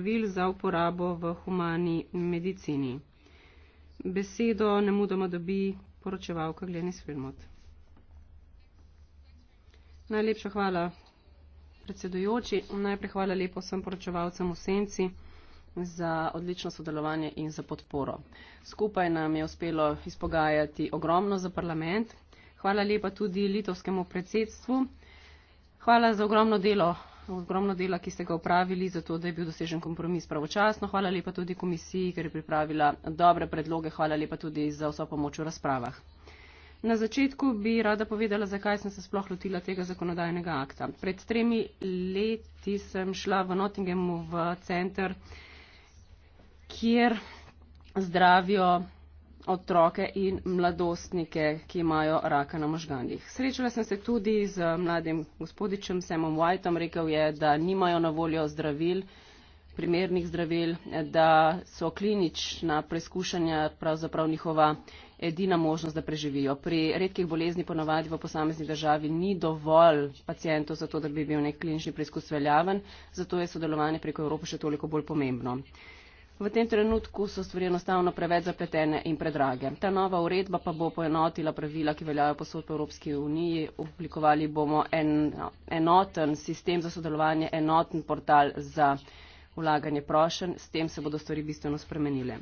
zdravil za uporabo v humani medicini. Besedo ne mudoma dobi poročevalka Glenis Filmot. Najlepša hvala predsedujoči, najprej hvala lepo vsem poročevalcem v senci za odlično sodelovanje in za podporo. Skupaj nam je uspelo izpogajati ogromno za parlament. Hvala lepa tudi litovskemu predsedstvu. Hvala za ogromno delo ogromno dela, ki ste ga upravili, zato da je bil dosežen kompromis pravočasno. Hvala lepa tudi komisiji, ker je pripravila dobre predloge. Hvala lepa tudi za vso pomoč v razpravah. Na začetku bi rada povedala, zakaj sem se sploh lotila tega zakonodajnega akta. Pred tremi leti sem šla v Nottinghamu v center, kjer zdravijo otroke in mladostnike, ki imajo raka na možganjih. Srečala sem se tudi z mladim gospodičem Samom Whiteom, rekel je, da nimajo na voljo zdravil, primernih zdravil, da so klinična preizkušanja pravzaprav njihova edina možnost, da preživijo. Pri redkih bolezni ponovadi v posamezni državi ni dovolj pacijentov za to, da bi bil nek klinični preizkus veljaven, zato je sodelovanje preko Evrope še toliko bolj pomembno. V tem trenutku so stvari enostavno preveč zapletene in predrage. Ta nova uredba pa bo poenotila pravila, ki veljajo posod po Evropski uniji. Oblikovali bomo en, enoten sistem za sodelovanje, enoten portal za vlaganje prošen. S tem se bodo stvari bistveno spremenile.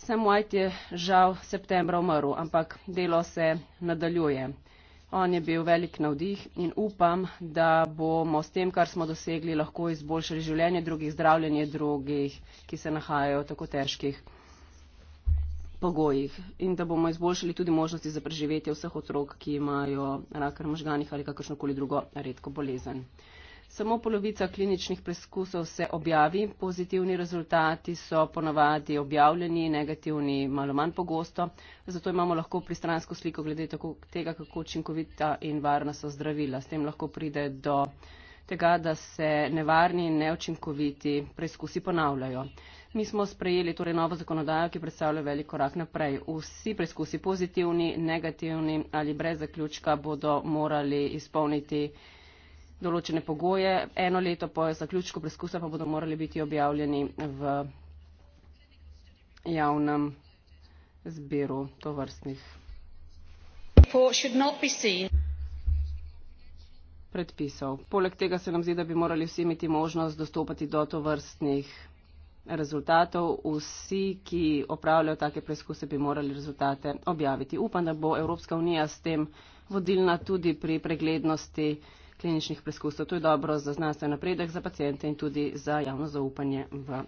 Sam White je žal septembra umrl, ampak delo se nadaljuje. On je bil velik navdih in upam, da bomo s tem, kar smo dosegli, lahko izboljšali življenje drugih, zdravljenje drugih, ki se nahajajo v tako težkih pogojih in da bomo izboljšali tudi možnosti za preživetje vseh otrok, ki imajo rak možganih ali kakršnokoli drugo redko bolezen. Samo polovica kliničnih preskusov se objavi, pozitivni rezultati so ponovadi objavljeni, negativni malo manj pogosto, zato imamo lahko pristransko sliko glede tega, kako učinkovita in varna so zdravila. S tem lahko pride do tega, da se nevarni in neučinkoviti preskusi ponavljajo. Mi smo sprejeli torej novo zakonodajo, ki predstavlja velik korak naprej. Vsi preskusi pozitivni, negativni ali brez zaključka bodo morali izpolniti določene pogoje. Eno leto po zaključku preskusa pa bodo morali biti objavljeni v javnem zbiru tovrstnih predpisov. Poleg tega se nam zdi, da bi morali vsi imeti možnost dostopati do tovrstnih rezultatov. Vsi, ki opravljajo take preskuse, bi morali rezultate objaviti. Upam, da bo Evropska unija s tem vodilna tudi pri preglednosti kliničnih preskusov. To je dobro za znanstveni napredek, za pacijente in tudi za javno zaupanje v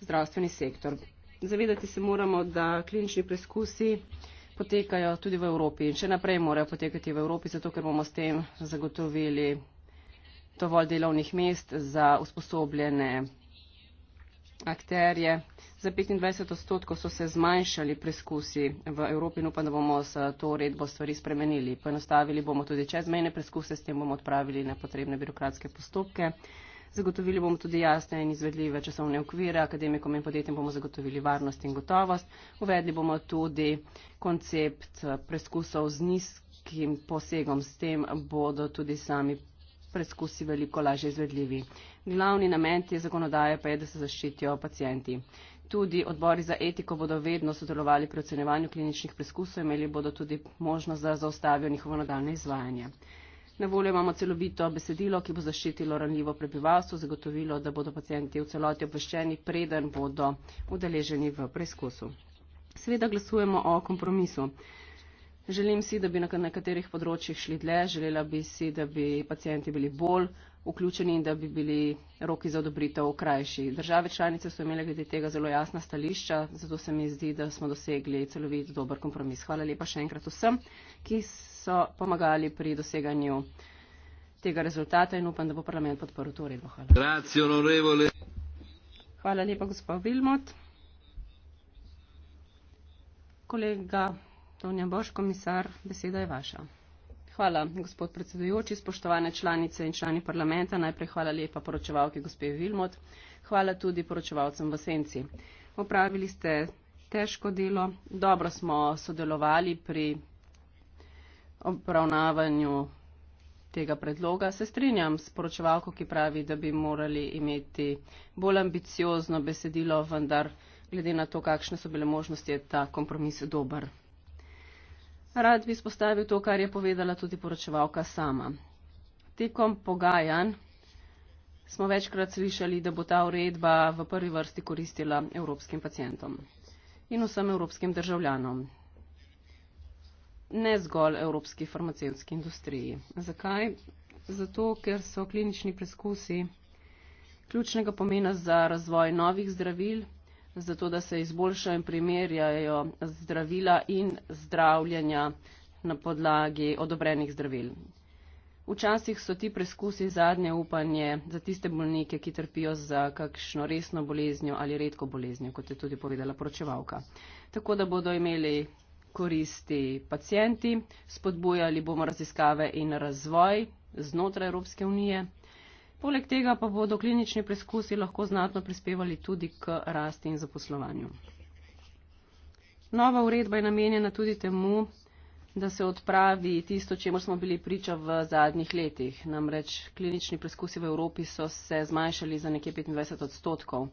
zdravstveni sektor. Zavedati se moramo, da klinični preskusi potekajo tudi v Evropi in še naprej morajo potekati v Evropi, zato ker bomo s tem zagotovili dovolj delovnih mest za usposobljene akterje. Za 25 odstotkov so se zmanjšali preskusi v Evropi in upam, da bomo s to uredbo stvari spremenili. Poenostavili bomo tudi čezmejne preskuse, s tem bomo odpravili nepotrebne birokratske postopke. Zagotovili bomo tudi jasne in izvedljive časovne okvire, akademikom in podjetjem bomo zagotovili varnost in gotovost. Uvedli bomo tudi koncept preskusov z nizkim posegom, s tem bodo tudi sami preskusi veliko lažje izvedljivi. Glavni namen te zakonodaje pa je, da se zaščitijo pacijenti. Tudi odbori za etiko bodo vedno sodelovali pri ocenevanju kliničnih preskusov, imeli bodo tudi možnost, da zaustavijo njihovo nadaljne izvajanje. Na voljo imamo celobito besedilo, ki bo zaščitilo ranljivo prebivalstvo, zagotovilo, da bodo pacijenti v celoti obveščeni, preden bodo udeleženi v preskusu. Sveda glasujemo o kompromisu. Želim si, da bi na nekaterih področjih šli dlje, želela bi si, da bi pacijenti bili bolj vključeni in da bi bili roki za odobritev krajši. Države članice so imele glede tega zelo jasna stališča, zato se mi zdi, da smo dosegli celovit dober kompromis. Hvala lepa še enkrat vsem, ki so pomagali pri doseganju tega rezultata in upam, da bo parlament podporil to uredbo. Hvala. Hvala lepa, gospod Vilmot. Kolega. Tonja Boš, komisar, beseda je vaša. Hvala, gospod predsedujoči, spoštovane članice in člani parlamenta. Najprej hvala lepa poročevalki gospe Vilmot. Hvala tudi poročevalcem v Senci. Opravili ste težko delo, dobro smo sodelovali pri obravnavanju tega predloga. Se strinjam s poročevalko, ki pravi, da bi morali imeti bolj ambiciozno besedilo, vendar glede na to, kakšne so bile možnosti, je ta kompromis dober. Rad bi spostavil to, kar je povedala tudi poročevalka sama. Tekom pogajanj smo večkrat slišali, da bo ta uredba v prvi vrsti koristila evropskim pacijentom in vsem evropskim državljanom, ne zgolj evropski farmacevski industriji. Zakaj? Zato, ker so klinični preskusi ključnega pomena za razvoj novih zdravil zato da se izboljšajo in primerjajo zdravila in zdravljenja na podlagi odobrenih zdravil. Včasih so ti preskusi zadnje upanje za tiste bolnike, ki trpijo za kakšno resno boleznjo ali redko boleznjo, kot je tudi povedala pročevalka. Tako da bodo imeli koristi pacijenti, spodbujali bomo raziskave in razvoj znotraj Evropske unije. Poleg tega pa bodo klinični preskusi lahko znatno prispevali tudi k rasti in zaposlovanju. Nova uredba je namenjena tudi temu, da se odpravi tisto, čemu smo bili priča v zadnjih letih. Namreč klinični preskusi v Evropi so se zmanjšali za nekje 25 odstotkov.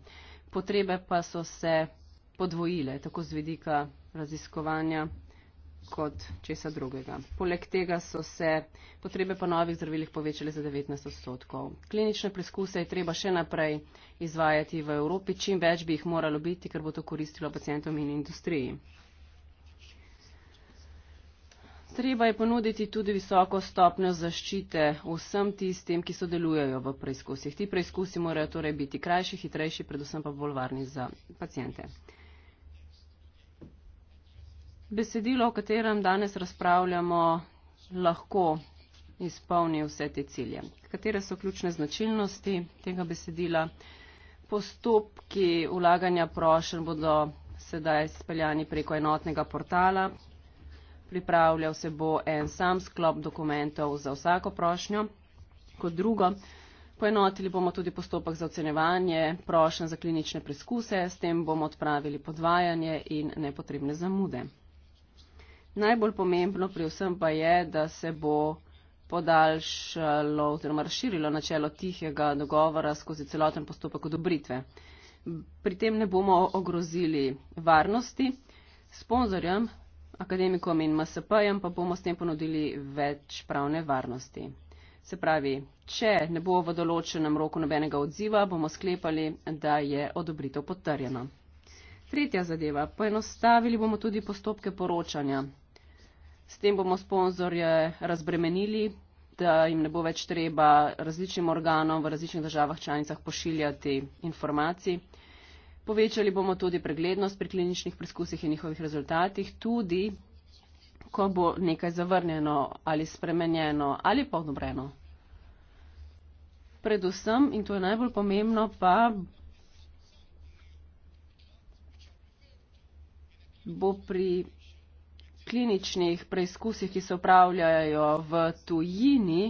Potrebe pa so se podvojile, tako z vidika raziskovanja kot česa drugega. Poleg tega so se potrebe po novih zdravilih povečale za 19 odstotkov. Klinične preskuse je treba še naprej izvajati v Evropi, čim več bi jih moralo biti, ker bo to koristilo pacijentom in industriji. Treba je ponuditi tudi visoko stopnjo zaščite vsem tistim, ki sodelujejo v preizkusih. Ti preizkusi morajo torej biti krajši, hitrejši, predvsem pa bolj varni za pacijente besedilo, o katerem danes razpravljamo, lahko izpolni vse te cilje. Katere so ključne značilnosti tega besedila? Postopki ulaganja prošen bodo sedaj speljani preko enotnega portala. Pripravljal se bo en sam sklop dokumentov za vsako prošnjo. Kot drugo, poenotili bomo tudi postopek za ocenevanje prošen za klinične preskuse, s tem bomo odpravili podvajanje in nepotrebne zamude. Najbolj pomembno pri vsem pa je, da se bo podaljšalo oziroma razširilo načelo tihega dogovora skozi celoten postopek odobritve. Pri tem ne bomo ogrozili varnosti, sponzorjem, akademikom in MSP-jem pa bomo s tem ponudili več pravne varnosti. Se pravi, če ne bo v določenem roku nobenega odziva, bomo sklepali, da je odobritev potrjena. Tretja zadeva. Poenostavili bomo tudi postopke poročanja. S tem bomo sponzorje razbremenili, da jim ne bo več treba različnim organom v različnih državah članicah pošiljati informacij. Povečali bomo tudi preglednost pri kliničnih preskusih in njihovih rezultatih, tudi ko bo nekaj zavrnjeno ali spremenjeno ali pa odobreno. Predvsem, in to je najbolj pomembno, pa bo pri kliničnih preizkusih, ki se upravljajo v tujini,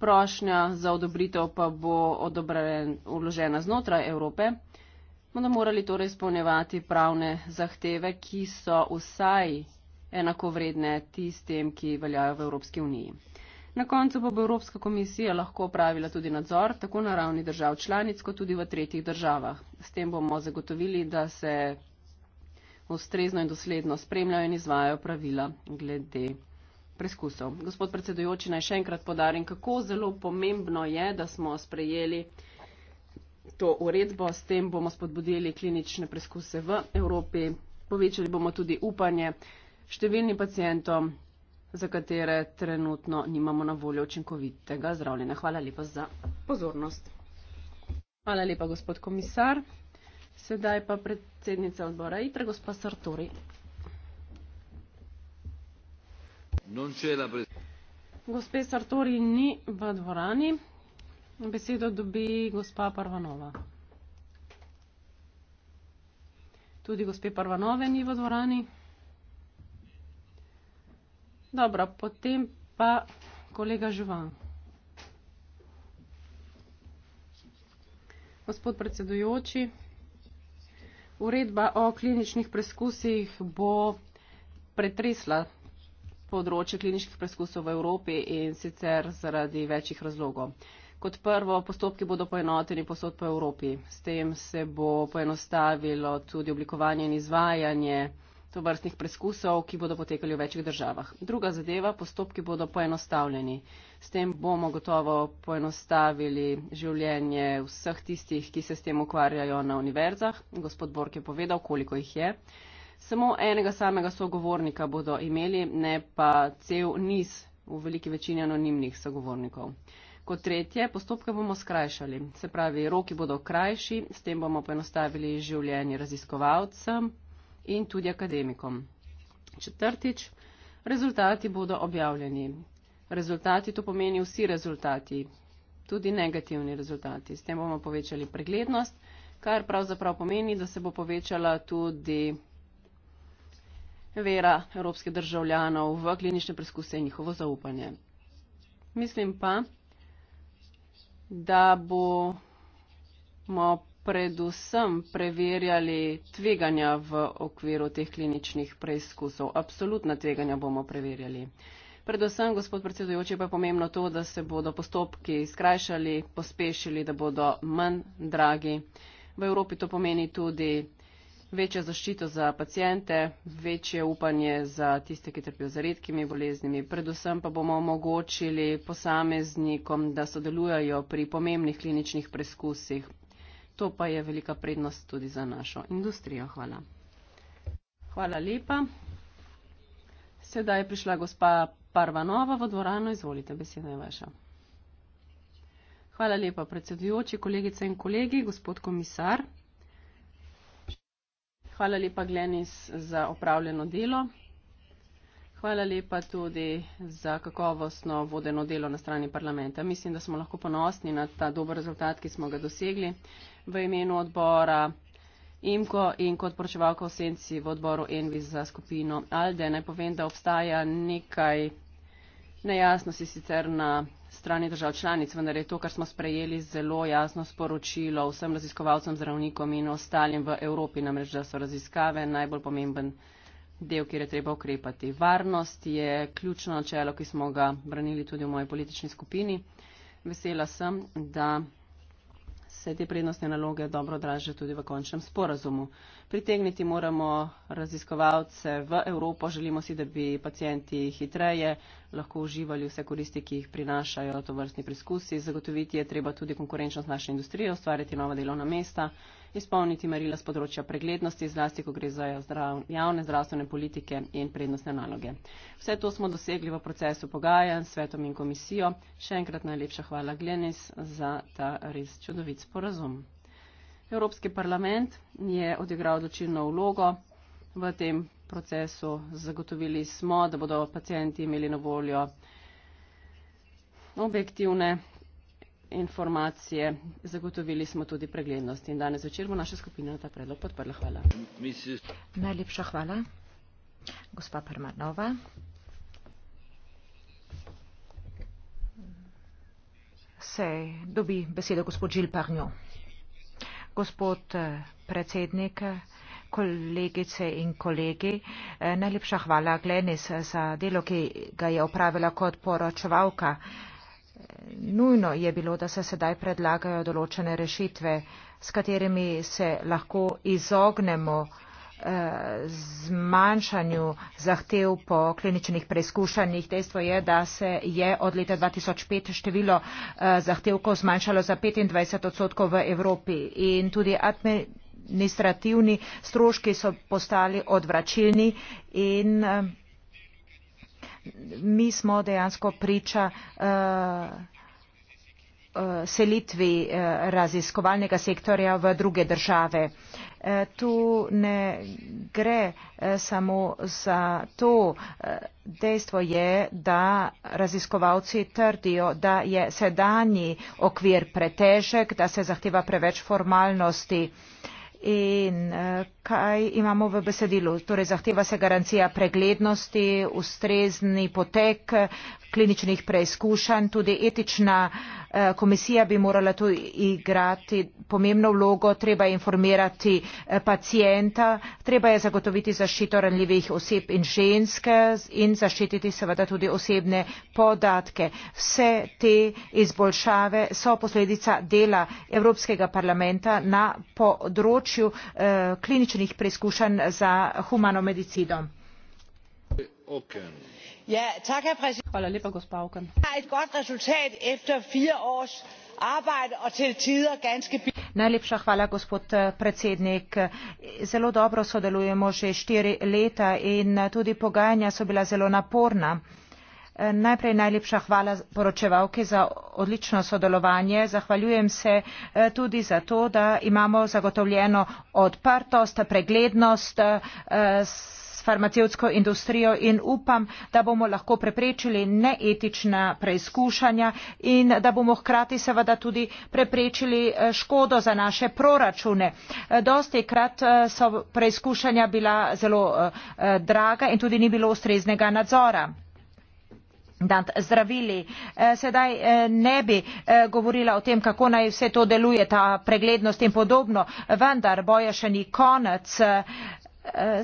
prošnja za odobritev pa bo odložena znotraj Evrope, bomo morali torej izpolnjevati pravne zahteve, ki so vsaj enakovredne tistim, ki veljajo v Evropski uniji. Na koncu pa bo Evropska komisija lahko opravila tudi nadzor, tako na ravni držav članic, kot tudi v tretjih državah. S tem bomo zagotovili, da se ustrezno in dosledno spremljajo in izvajajo pravila glede preskusov. Gospod predsedujoči, naj še enkrat podarim, kako zelo pomembno je, da smo sprejeli to uredbo. S tem bomo spodbudili klinične preskuse v Evropi, povečali bomo tudi upanje številnim pacijentom za katere trenutno nimamo na voljo učinkovitega zdravljenja. Hvala lepa za pozornost. Hvala lepa, gospod komisar. Sedaj pa predsednica odbora ITRE, gospod Sartori. Gospe Sartori ni v dvorani. Besedo dobi gospa Parvanova. Tudi gospe Parvanove ni v dvorani. Dobro, potem pa kolega Živan. Gospod predsedujoči, uredba o kliničnih preskusih bo pretresla področje kliničnih preskusov v Evropi in sicer zaradi večjih razlogov. Kot prvo, postopki bodo poenoteni posod po Evropi. S tem se bo poenostavilo tudi oblikovanje in izvajanje to vrstnih preskusov, ki bodo potekali v večjih državah. Druga zadeva, postopki bodo poenostavljeni. S tem bomo gotovo poenostavili življenje vseh tistih, ki se s tem ukvarjajo na univerzah. Gospod Bork je povedal, koliko jih je. Samo enega samega sogovornika bodo imeli, ne pa cel niz v veliki večini anonimnih sogovornikov. Kot tretje, postopke bomo skrajšali. Se pravi, roki bodo krajši, s tem bomo poenostavili življenje raziskovalcem, in tudi akademikom. Četrtič, rezultati bodo objavljeni. Rezultati to pomeni vsi rezultati, tudi negativni rezultati. S tem bomo povečali preglednost, kar pravzaprav pomeni, da se bo povečala tudi vera evropskih državljanov v klinične preskuse in njihovo zaupanje. Mislim pa, da bomo predvsem preverjali tveganja v okviru teh kliničnih preizkusov. Absolutna tveganja bomo preverjali. Predvsem, gospod predsedujoči, pa je pomembno to, da se bodo postopki skrajšali, pospešili, da bodo manj dragi. V Evropi to pomeni tudi večjo zaščito za pacijente, večje upanje za tiste, ki trpijo za redkimi boleznimi. Predvsem pa bomo omogočili posameznikom, da sodelujajo pri pomembnih kliničnih preizkusih, To pa je velika prednost tudi za našo industrijo. Hvala. Hvala lepa. Sedaj je prišla gospa Parvanova v dvorano. Izvolite, beseda je vaša. Hvala lepa, predsedujoči, kolegice in kolegi, gospod komisar. Hvala lepa, Glenis, za opravljeno delo. Hvala lepa tudi za kakovostno vodeno delo na strani parlamenta. Mislim, da smo lahko ponosni na ta dober rezultat, ki smo ga dosegli v imenu odbora IMKO in kot poročevalka v senci v odboru ENVI za skupino ALDE. Naj povem, da obstaja nekaj nejasnosti sicer na strani držav članic, vendar je to, kar smo sprejeli, zelo jasno sporočilo vsem raziskovalcem, zdravnikom in ostalim v Evropi, namreč da so raziskave najbolj pomemben del, kjer je treba ukrepati. Varnost je ključno načelo, ki smo ga branili tudi v moji politični skupini. Vesela sem, da se te prednostne naloge dobro odražajo tudi v končnem sporazumu. Pritegniti moramo raziskovalce v Evropo, želimo si, da bi pacijenti hitreje lahko uživali vse koristi, ki jih prinašajo to vrstni preskusi. Zagotoviti je treba tudi konkurenčnost naše industrije, ustvariti nova delovna mesta izpolniti merila z področja preglednosti, zlasti, ko gre za zdrav, javne zdravstvene politike in prednostne naloge. Vse to smo dosegli v procesu pogajanj s svetom in komisijo. Še enkrat najlepša hvala Glenis za ta res čudovit sporazum. Evropski parlament je odigral odločilno vlogo v tem procesu. Zagotovili smo, da bodo pacijenti imeli na voljo objektivne informacije zagotovili smo tudi preglednost in danes večer bo naša skupina ta predlog podprla. Hvala. Najlepša hvala. Gospa Permanova. Se dobi besedo gospod Žil Parnjo. Gospod eh, predsednik, kolegice in kolegi, eh, najlepša hvala Glenis za delo, ki ga je opravila kot poročevalka. Nujno je bilo, da se sedaj predlagajo določene rešitve, s katerimi se lahko izognemo eh, zmanjšanju zahtev po kliničnih preizkušanjih. Dejstvo je, da se je od leta 2005 število eh, zahtevkov zmanjšalo za 25 odstotkov v Evropi in tudi administrativni stroški so postali odvračilni in eh, mi smo dejansko priča uh, selitvi uh, raziskovalnega sektorja v druge države. Tu ne gre samo za to. Dejstvo je, da raziskovalci trdijo, da je sedanji okvir pretežek, da se zahteva preveč formalnosti in kaj imamo v besedilu. Torej, zahteva se garancija preglednosti, ustrezni potek kliničnih preizkušanj, tudi etična eh, komisija bi morala tu igrati pomembno vlogo, treba je informirati eh, pacijenta, treba je zagotoviti zaščito ranljivih oseb in ženske in zaščititi seveda tudi osebne podatke. Vse te izboljšave so posledica dela Evropskega parlamenta na področju eh, kliničnih kliničnih preizkušenj z humano medicino. Ja, najlepša hvala gospod eh, predsednik zelo dobro sodelujemo že štiri leta in tudi pogajanja so bila zelo naporna najprej najlepša hvala poročevalki za odlično sodelovanje zahvaljujem se eh, tudi za to da imamo zagotovljeno odprtost preglednost eh, s farmacevtsko industrijo in upam da bomo lahko preprečili neetična preizkušanja in da bomo hkrati seveda tudi preprečili eh, škodo za naše proračune dostikrat so preizkušanja bila zelo draga in tudi ni bilo ustreznega nadzora nad zdravili. E, sedaj e, ne bi e, govorila o tem, kako naj vse to deluje, ta preglednost in podobno, vendar boja še ni konec.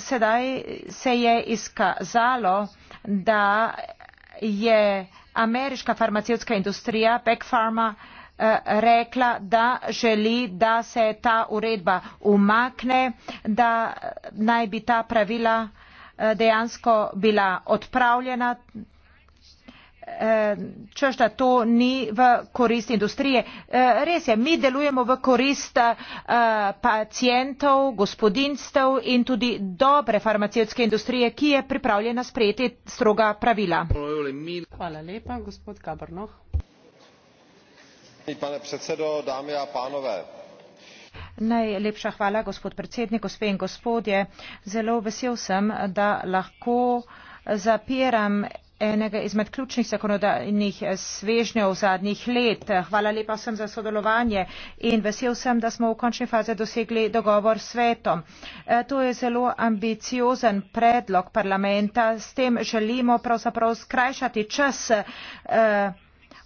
Sedaj se je izkazalo, da je ameriška farmacijska industrija, Peck Pharma, rekla, da želi, da se ta uredba umakne, da naj bi ta pravila dejansko bila odpravljena, Eh, češ da to ni v korist industrije. Eh, res je, mi delujemo v korist eh, pacijentov, gospodinstv in tudi dobre farmacijske industrije, ki je pripravljena sprejeti stroga pravila. Hvala lepa, gospod Kabrnoh. Pane predsedo, dame in panove. Najlepša hvala, gospod predsednik, gospe in gospodje. Zelo vesel sem, da lahko zapiram enega izmed ključnih zakonodajnih eh, svežnjev zadnjih let. Hvala lepa vsem za sodelovanje in vesel sem, da smo v končni fazi dosegli dogovor s svetom. Eh, to je zelo ambiciozen predlog parlamenta, s tem želimo pravzaprav skrajšati čas eh,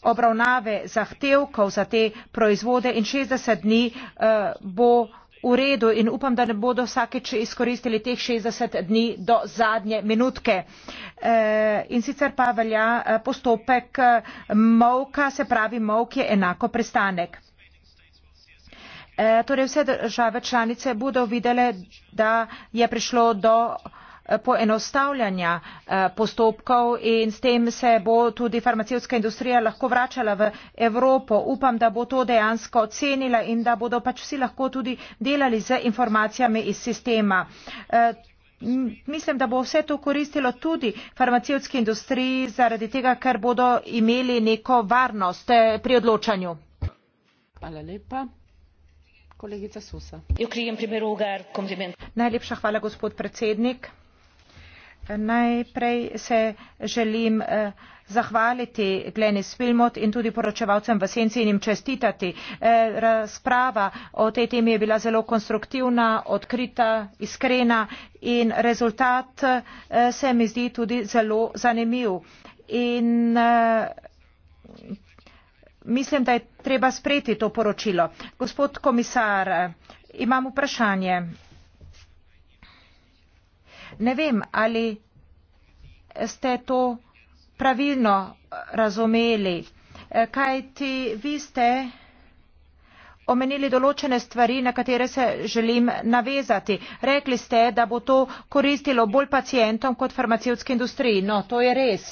obravnave zahtevkov za te proizvode in 60 dni bo v redu in upam da ne bodo vsakič izkoristili teh šestdeset dni do zadnje minutke eh, in sicer pa velja eh, postopek eh, molka se pravi molk je enako prestanek torej vse države članice bodo videle da je prišlo do poenostavljanja eh, postopkov in s tem se bo tudi farmacevtska industrija lahko vračala v Evropo. Upam, da bo to dejansko ocenila in da bodo pač vsi lahko tudi delali z informacijami iz sistema. Eh, mislim, da bo vse to koristilo tudi farmacevtski industriji zaradi tega, ker bodo imeli neko varnost eh, pri odločanju. Hvala lepa. Kolegica Susa. Najlepša hvala, gospod predsednik. Najprej se želim eh, zahvaliti Glenis Wilmot in tudi poročevalcem v senci in jim čestitati. Eh, razprava o tej temi je bila zelo konstruktivna, odkrita, iskrena in rezultat eh, se mi zdi tudi zelo zanimiv. In mislim, da je treba spreti to poročilo. Gospod komisar, imam vprašanje. Ne vem, ali ste to pravilno razumeli, eh, kaj ti vi ste omenili določene stvari, na katere se želim navezati. Rekli ste, da bo to koristilo bolj pacijentom kot farmacevtski industriji. No, to je res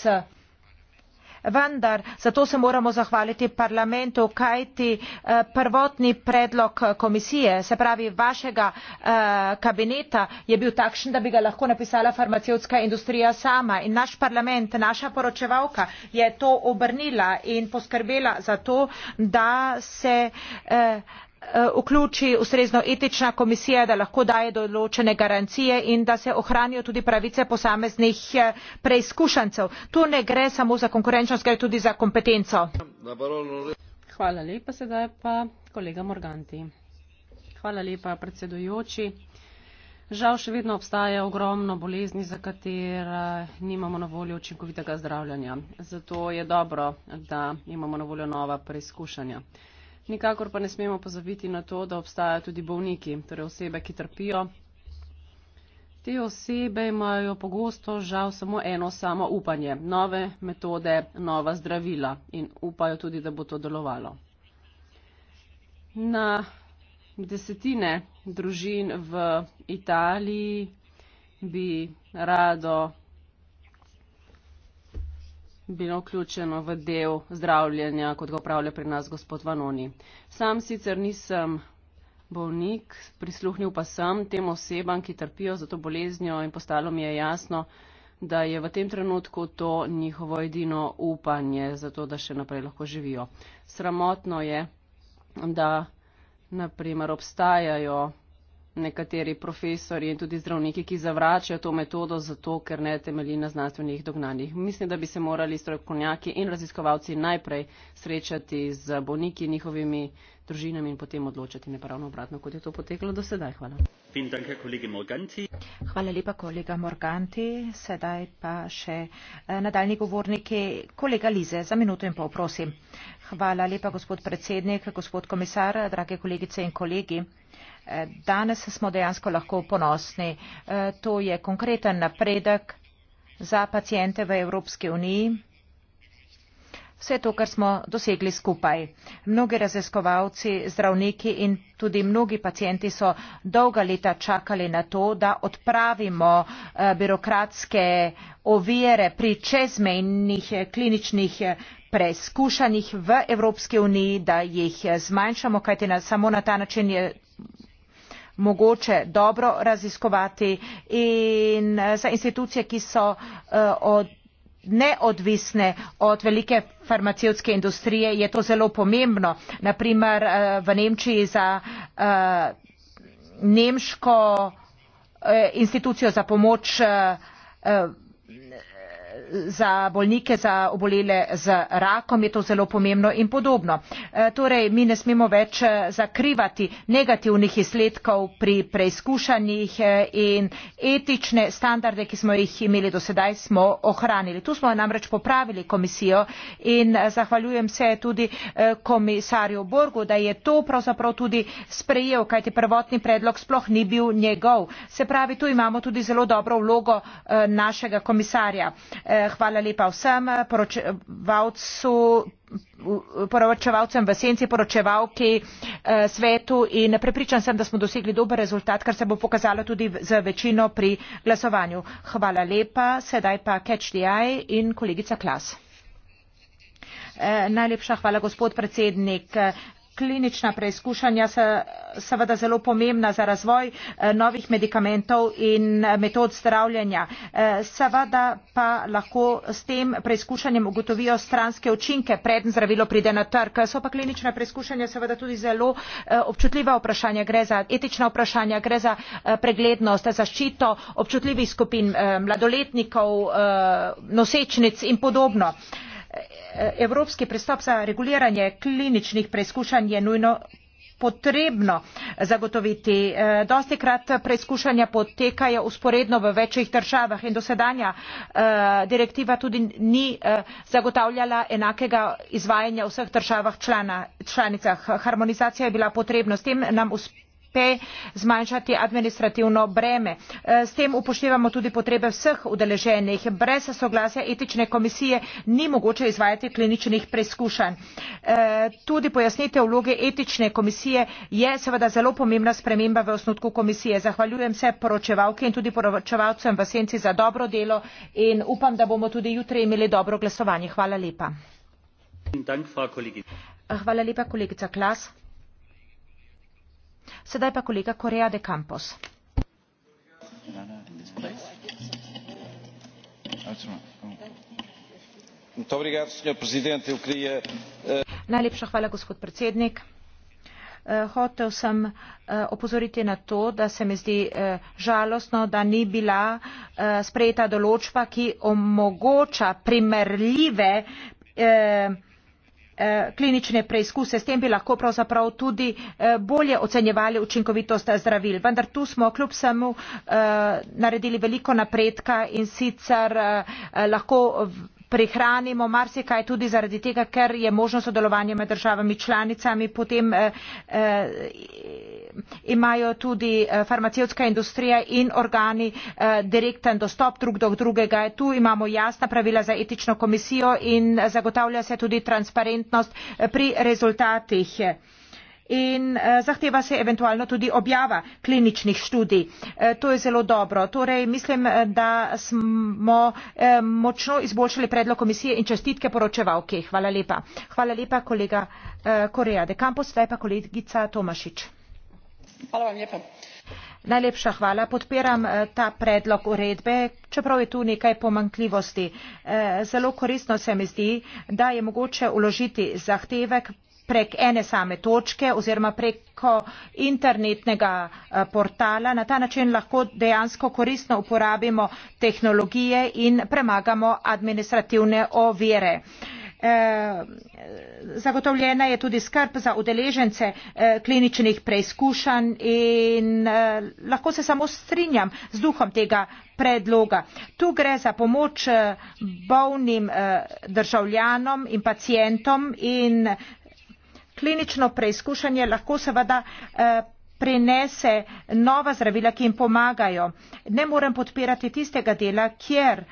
vendar zato se moramo zahvaliti parlamentu kajti eh, prvotni predlog eh, komisije se pravi vašega eh, kabineta je bil takšen da bi ga lahko napisala farmacevtska industrija sama in naš parlament naša poročevalka je to obrnila in poskrbela za to da se Eh, vključi ustrezno etična komisija da lahko daje določene garancije in da se ohranijo tudi pravice posameznih eh, preizkušancev. tu ne gre samo za konkurenčnost gre tudi za kompetenco. žal še vedno obstaja ogromno bolezni za katere nimamo na voljo učinkovitega zdravljenja zato je dobro da imamo na voljo nova preizkušanja. Nikakor pa ne smemo pozaviti na to, da obstajajo tudi bolniki, torej osebe, ki trpijo. Te osebe imajo pogosto žal samo eno samo upanje, nove metode, nova zdravila in upajo tudi, da bo to delovalo. Na desetine družin v Italiji bi rado bilo vključeno v del zdravljenja, kot ga upravlja pri nas gospod Vanoni. Sam sicer nisem bolnik, prisluhnil pa sem tem osebam, ki trpijo za to boleznjo in postalo mi je jasno, da je v tem trenutku to njihovo edino upanje za to, da še naprej lahko živijo. Sramotno je, da naprimer obstajajo nekateri profesori in tudi zdravniki, ki zavračajo to metodo zato, ker ne temelji na znanstvenih dognanjih. Mislim, da bi se morali strokovnjaki in raziskovalci najprej srečati z bolniki, njihovimi družinami in potem odločati nepravno obratno, kot je to poteklo do sedaj. Hvala. Hvala lepa, kolega Morganti. Sedaj pa še eh, nadaljni govorniki. Kolega Lize, za minuto in pol, prosim. Hvala lepa, gospod predsednik, gospod komisar, drage kolegice in kolegi danes smo dejansko lahko ponosni. E, to je konkreten napredek za pacijente v Evropski uniji. Vse to, kar smo dosegli skupaj. Mnogi raziskovalci, zdravniki in tudi mnogi pacijenti so dolga leta čakali na to, da odpravimo e, birokratske ovire pri čezmejnih e, kliničnih preizkušanjih v Evropski uniji, da jih zmanjšamo, kajti na, samo na ta način je mogoče dobro raziskovati in eh, za institucije ki so eh, neodvisne od velike farmacevtske industrije je to zelo pomembno na primer eh, v nemčiji za nemško institucijo za pomoč za bolnike, za obolele z rakom je to zelo pomembno in podobno. E, torej, mi ne smemo več e, zakrivati negativnih izsledkov pri preizkušanjih e, in etične standarde, ki smo jih imeli do sedaj, smo ohranili. Tu smo namreč popravili komisijo in zahvaljujem se tudi komisarju Borgu, da je to pravzaprav tudi sprejel, kajti prvotni predlog sploh ni bil njegov. Se pravi, tu imamo tudi zelo dobro vlogo našega komisarja. Eh, hvala lepa vsem poročevalcu poročevalcem v senci, poročevalki eh, svetu in prepričan sem, da smo dosegli dober rezultat, kar se bo pokazalo tudi z večino pri glasovanju. Hvala lepa, sedaj pa Catch the Eye in kolegica Klas. Eh, najlepša hvala, gospod predsednik klinična preizkušanja so seveda zelo pomembna za razvoj eh, novih medikamentov in eh, metod zdravljenja. Eh, seveda pa lahko s tem preizkušanjem ugotovijo stranske učinke, preden zdravilo pride na trg. So pa klinična preizkušanja seveda tudi zelo občutljiva vprašanja. Gre za etična vprašanja, gre za preglednost, za zaščito občutljivih skupin mladoletnikov, nosečnic in podobno evropski pristop za reguliranje kliničnih preizkušanj je nujno potrebno zagotoviti. E, Dosti krat preizkušanja potekajo usporedno v večjih državah in dosedanja e, direktiva tudi ni e, zagotavljala enakega izvajanja v vseh državah članicah. Harmonizacija je bila potrebna. S tem nam uspe BP zmanjšati administrativno breme. E, s tem upoštevamo tudi potrebe vseh udeleženih. Brez soglasja etične komisije ni mogoče izvajati kliničnih preizkušanj. E, tudi pojasnitev vloge etične komisije je seveda zelo pomembna sprememba v osnutku komisije. Zahvaljujem se poročevalke in tudi poročevalcem v senci za dobro delo in upam, da bomo tudi jutri imeli dobro glasovanje. Hvala lepa. Hvala lepa, kolegica Klas. Sedaj pa kolega Korea de Campos. Eh, Najlepša hvala, gospod predsednik. Eh, Hotev sem eh, opozoriti na to, da se mi zdi žalostno, da ni bila sprejeta določba, ki omogoča primerljive Eh, klinične preizkuse s tem bi lahko pravzaprav tudi eh, bolje ocenjevali učinkovitost eh, zdravil vendar tu smo kljub vsemu naredili veliko napredka in sicer lahko prihranimo marsikaj tudi zaradi tega ker je možno sodelovanje med državami članicami potem eh, eh, imajo tudi eh, farmacevtska industrija in organi eh, direkten dostop drug do drugega. Tu imamo jasna pravila za etično komisijo in zagotavlja se tudi transparentnost eh, pri rezultatih in zahteva se eventualno tudi objava kliničnih študij. To je zelo dobro. Torej, mislim, da smo močno izboljšali predlog komisije in čestitke poročevalke. Hvala lepa. Hvala lepa, kolega Koreja de Campos, zdaj pa kolegica Tomašič najlepša hvala podpiram eh, ta predlog uredbe čeprav je tu nekaj pomankljivosti eh, zelo koristno se mi zdi da je mogoče vložiti zahtevek prek ene same točke oziroma preko internetnega eh, portala na ta način lahko dejansko koristno uporabimo tehnologije in premagamo administrativne ovire. Eh, zagotovljena je tudi skrb za udeležence eh, kliničnih preizkušanj in eh, lahko se samo strinjam z duhom tega predloga. Tu gre za pomoč bolnim državljanom in pacijentom in klinično preizkušanje lahko seveda prinese nova zdravila, ki jim pomagajo. Ne morem podpirati tistega dela, kjer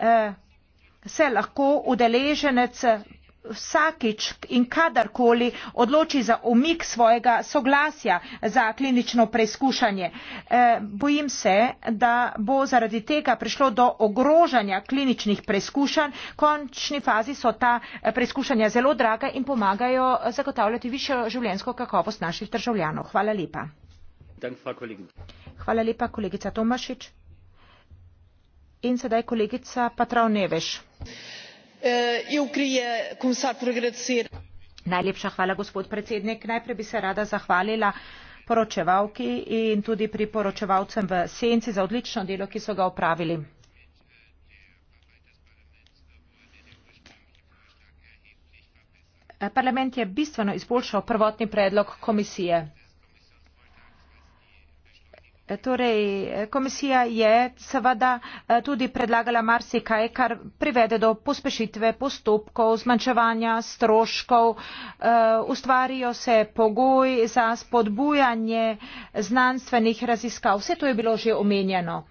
eh, se lahko udeleženec vsakič in kadarkoli odloči za umik svojega soglasja za klinično preizkušanje. E, bojim se, da bo zaradi tega prišlo do ogrožanja kliničnih preizkušanj. V končni fazi so ta eh, preizkušanja zelo draga in pomagajo eh, zagotavljati višjo življenjsko kakovost naših državljanov. Hvala lepa. Hvala lepa, kolegica Tomašič. E, najprej bi se rada zahvalila poročevalki in tudi priporočevalcem v senci za odlično delo ki so ga opravili. parlament je bistveno izboljšal prvotni predlog komisije. Torej, komisija je seveda eh, tudi predlagala marsikaj, kar privede do pospešitve postopkov, zmanjševanja stroškov, eh, ustvarijo se pogoji za spodbujanje znanstvenih raziskav. Vse to je bilo že omenjeno.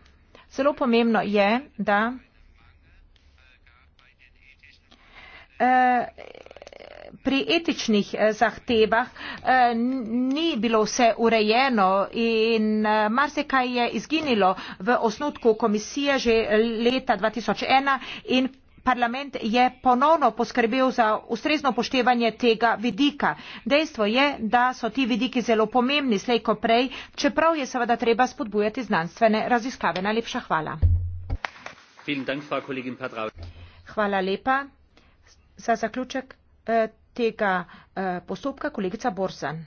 Zelo pomembno je, da. Eh, pri etičnih eh, zahtevah eh, ni bilo vse urejeno in eh, marsikaj je izginilo v osnutku komisije že leta 2001 in parlament je ponovno poskrbel za ustrezno poštevanje tega vidika. Dejstvo je, da so ti vidiki zelo pomembni slejko prej, čeprav je seveda treba spodbujati znanstvene raziskave. Najlepša hvala. Hvala lepa. Za zaključek tega eh, postopka, kolegica Borzan.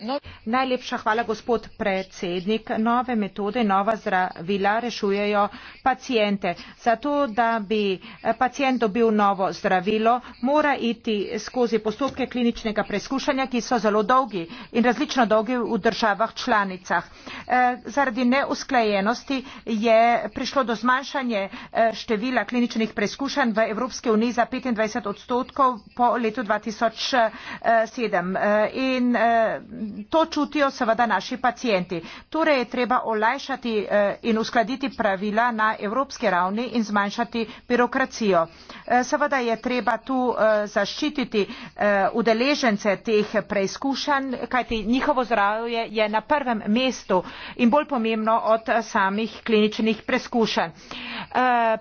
No- najlepša hvala gospod predsednik nove metode nova zdravila rešujejo paciente zato da bi eh, pacient dobil novo zdravilo mora iti skozi postopke kliničnega preizkušanja ki so zelo dolgi in različno dolgi v državah članicah eh, zaradi neusklajenosti je prišlo do zmanjšanja eh, števila kliničnih preizkušanj v evropski uniji za petindvajset odstotkov po letu dva tisoč sedem sedem eh, in eh, to čutijo seveda naši pacijenti. Torej je treba olajšati eh, in uskladiti pravila na evropski ravni in zmanjšati birokracijo. Seveda je treba tu zaščititi udeležence teh preizkušanj, kajti njihovo zdravje je na prvem mestu in bolj pomembno od samih kliničnih preizkušanj.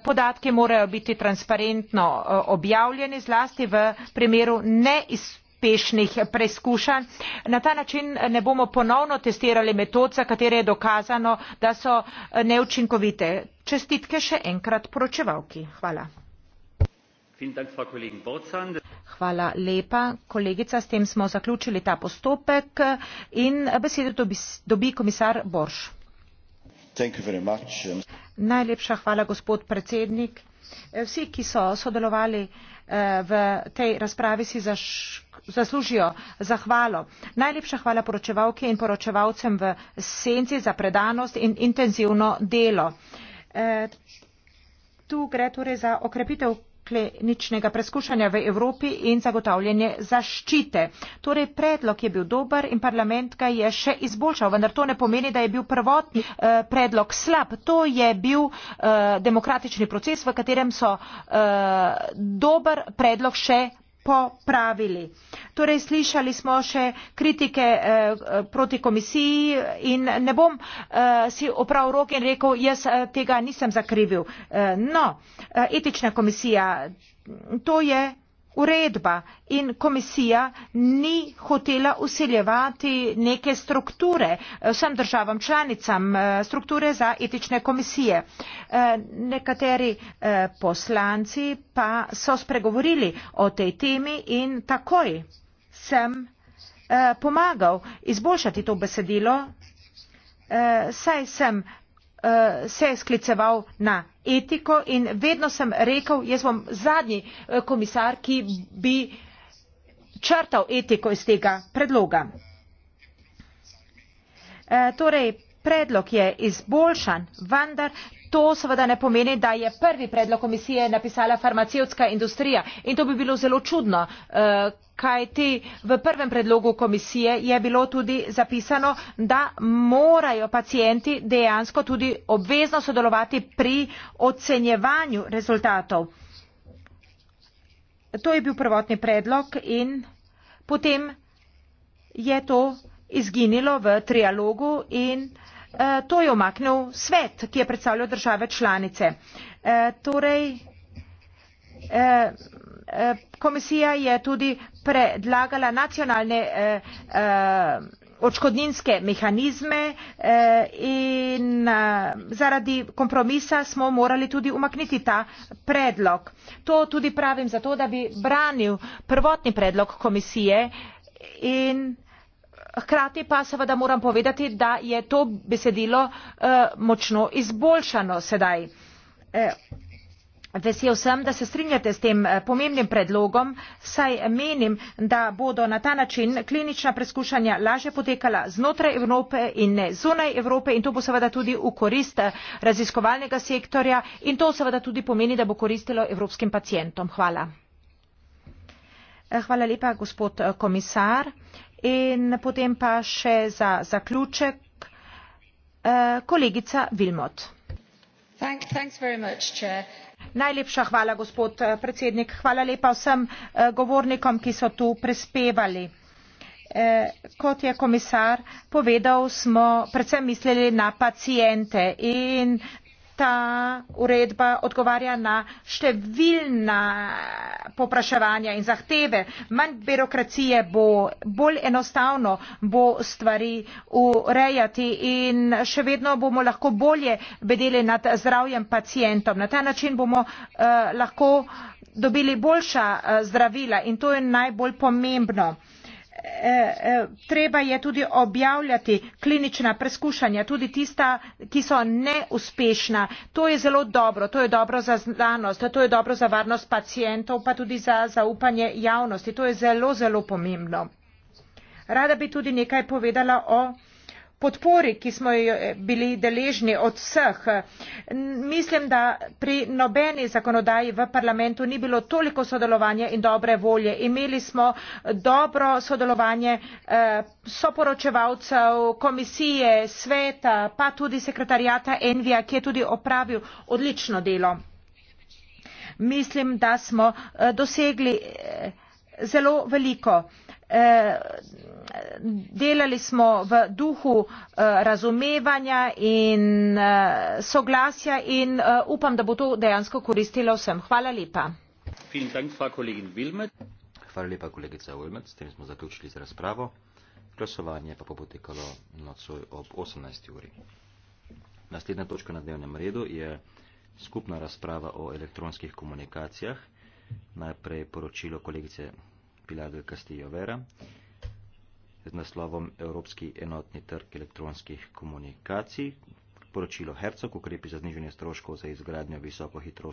Podatki morajo biti transparentno objavljeni zlasti v primeru neizpolnjenja uspešnih preizkušanj. Na ta način ne bomo ponovno testirali metod, za katere je dokazano, da so neučinkovite. Čestitke še enkrat poročevalki. Hvala. Hvala lepa, kolegica. S tem smo zaključili ta postopek in besedo dobi, dobi komisar Borš. Najlepša hvala, gospod predsednik. Vsi, ki so sodelovali eh, v tej razpravi, si zaslužijo zahvalo. Najlepša hvala poročevalki in poročevalcem v senci za predanost in intenzivno delo. Eh, tu gre torej za okrepitev kliničnega preskušanja v Evropi in zagotavljanje zaščite. Torej, predlog je bil dober in parlament ga je še izboljšal, vendar to ne pomeni, da je bil prvotni uh, predlog slab. To je bil uh, demokratični proces, v katerem so uh, dober predlog še popravili. Torej, slišali smo še kritike eh, proti komisiji in ne bom eh, si opravil roke in rekel, jaz eh, tega nisem zakrivil. Eh, no, eh, etična komisija, to je uredba in komisija ni hotela usiljevati neke strukture eh, vsem državam članicam, eh, strukture za etične komisije. Eh, nekateri poslanci pa so spregovorili o tej temi in takoj sem pomagal izboljšati to besedilo, saj sem se je skliceval na etiko in vedno sem rekel jaz bom zadnji eh, komisar ki bi črtal etiko iz tega predloga. E, torej predlog je izboljšan vendar To seveda ne pomeni, da je prvi predlog komisije napisala farmacevtska industrija in to bi bilo zelo čudno, eh, kajti v prvem predlogu komisije je bilo tudi zapisano, da morajo pacijenti dejansko tudi obvezno sodelovati pri ocenjevanju rezultatov. To je bil prvotni predlog in potem je to izginilo v trialogu in uh, Eh, to je omaknil svet, ki je predstavljal države članice. Eh, torej, eh, komisija je tudi predlagala nacionalne očkodninske mehanizme in zaradi kompromisa smo morali tudi umakniti ta predlog. To tudi pravim zato, da bi branil prvotni predlog komisije in hkrati pa seveda moram povedati, da je to besedilo eh, močno izboljšano sedaj. Eh, vesel sem, da se strinjate s tem eh, pomembnim predlogom, saj menim, da bodo na ta način klinična preskušanja laže potekala znotraj Evrope in ne zunaj Evrope in to bo seveda tudi v korist raziskovalnega sektorja in to seveda tudi pomeni, da bo koristilo evropskim pacijentom. Hvala. Hvala lepa, gospod komisar. In potem pa še za zaključek eh, kolegica Vilmot. Najlepša hvala, gospod eh, predsednik. Hvala lepa vsem eh, govornikom, ki so tu prispevali. Kot je komisar povedal, smo predvsem mislili na pacijente in ta uredba odgovarja na številna popraševanja in zahteve. Manj birokracije bo, bolj enostavno bo stvari urejati in še vedno bomo lahko bolje bedeli nad zdravjem pacijentom. Na ta način bomo uh, lahko dobili boljša uh, zdravila in to je najbolj pomembno. Eh, eh, treba je tudi objavljati klinična preskušanja, tudi tista, ki so neuspešna. To je zelo dobro, to je dobro za znanost, to je dobro za varnost pacijentov, pa tudi za zaupanje javnosti. To je zelo, zelo pomembno. Rada bi tudi nekaj povedala o podpori, ki smo jo eh, bili deležni od vseh. Mislim, da pri nobeni zakonodaji v parlamentu ni bilo toliko sodelovanja in dobre volje. Imeli smo eh, dobro sodelovanje eh, soporočevalcev, komisije, sveta, pa tudi sekretarijata Envija, ki je tudi opravil odlično delo. Mislim, da smo dosegli zelo veliko. Eh, delali smo v duhu eh, razumevanja in eh, soglasja in upam, da bo to dejansko koristilo vsem. Hvala lepa. Hvala lepa, kolegica Ulmec. S tem smo zaključili z razpravo. Glasovanje pa bo potekalo nocoj ob 18. uri. Naslednja točka na dnevnem redu je skupna razprava o elektronskih komunikacijah. Najprej poročilo kolegice Pilar del Castillo Vera z naslovom Evropski enotni trg elektronskih komunikacij, poročilo Hercog ukrepi za znižanje stroškov za izgradnjo visokohitrov.